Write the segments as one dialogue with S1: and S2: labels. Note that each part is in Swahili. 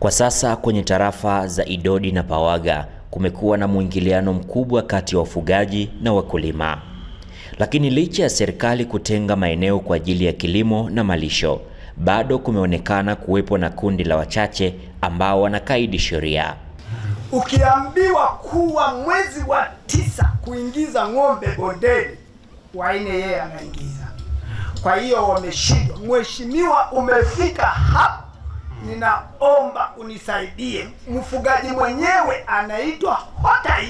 S1: Kwa sasa kwenye tarafa za Idodi na Pawaga kumekuwa na mwingiliano mkubwa kati ya wafugaji na wakulima. Lakini licha ya serikali kutenga maeneo kwa ajili ya kilimo na malisho, bado kumeonekana kuwepo na kundi la wachache ambao wanakaidi sheria.
S2: Ukiambiwa kuwa mwezi wa tisa kuingiza ng'ombe bondeni, waine yeye anaingiza. Kwa hiyo wameshindwa. Mheshimiwa, umefika hapa ninaomba unisaidie. Mfugaji mwenyewe anaitwa Hotai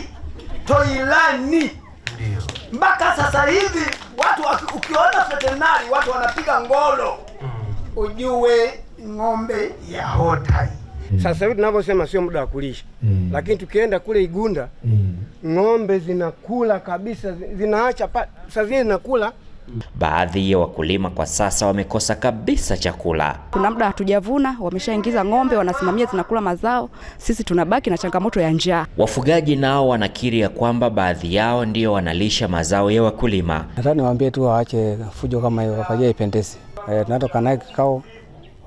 S2: Toilani. Mpaka sasa hivi watu ukiona veterinari watu wanapiga ngolo, mm. ujue ng'ombe ya Hotai.
S3: Mm. Sasa hivi tunavyosema sio muda wa kulisha mm. Lakini tukienda kule Igunda mm. Ng'ombe zinakula kabisa, zinaacha saa zingine zinakula
S1: Baadhi ya wakulima kwa sasa wamekosa kabisa chakula.
S4: Kuna muda hatujavuna, wameshaingiza ng'ombe, wanasimamia zinakula mazao, sisi tunabaki na changamoto ya njaa.
S1: Wafugaji nao wanakiri ya kwamba baadhi yao ndio wanalisha mazao ya wakulima.
S5: Nataka niwaambie tu waache fujo kama hiyo, wafajia ipendezi. E, eh, tunatoka naye kikao,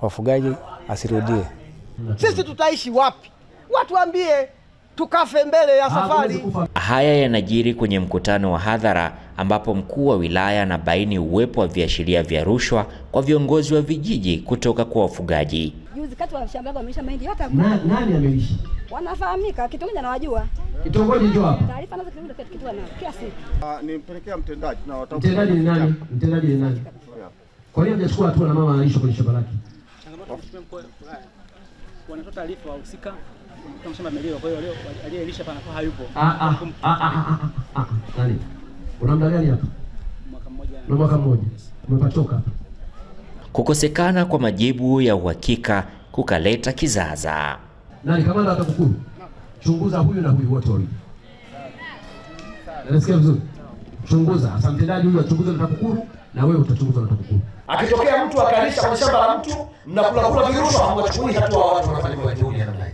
S5: wafugaji asirudie.
S2: Sisi tutaishi wapi? Watuambie, tukafe mbele ya safari.
S1: Haya yanajiri kwenye mkutano wa hadhara ambapo mkuu wa wilaya anabaini uwepo wa viashiria vya rushwa kwa viongozi wa vijiji kutoka kwa wafugaji.
S6: Juzi kati wa shamba wamesha mahindi yote
S7: na nani amelisha?
S6: Wanafahamika kitu mmoja anawajua.
S7: Kitongoji hicho hapa.
S6: Taarifa nazo kitu kitu kitu anayo kila siku.
S7: Ah, nimpelekea mtendaji na watakuwa. Mtendaji ni nani? Mtendaji ni nani? Kwa hiyo hajachukua hatua na mama analisha kwenye shamba lake. Changamoto mkuu
S8: wanatoa taarifa wahusika tunasema amelewa, kwa hiyo leo aliyelisha pana kwa hayupo.
S7: nani ah, ah, ah, una muda gani hapa? Mwaka mmoja na mwaka mmoja Umepatoka.
S1: Kukosekana kwa majibu ya uhakika kukaleta kizaza.
S7: Nani kamanda atakukuru? Chunguza huyu na huyu wote wawili. Nasikia vizuri chunguza. Asante Dadi huyu achunguze na TAKUKURU na wewe utachunguza na TAKUKURU.
S9: Akitokea mtu akalisha kwenye shamba la mtu, mnakula kula virushwa, hamwachukui hatua wa watu wanafanya juhudi ya namna hii.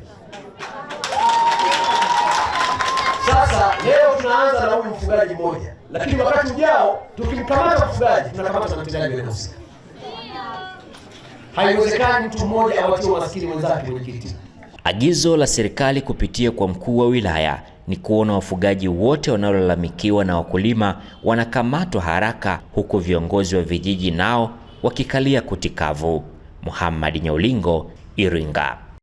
S9: Sasa leo tunaanza na huyu mfugaji mmoja, lakini wakati ujao tukimkamata mfugaji tunakamata na mtendaji wenusi. Haiwezekani mtu mmoja awatie maskini wenzake. kwenye kiti.
S1: agizo la serikali kupitia kwa mkuu wa wilaya ni kuona wafugaji wote wanaolalamikiwa na wakulima wanakamatwa haraka, huku viongozi wa vijiji nao wakikalia kutikavu Muhammad Nyaulingo, Iringa.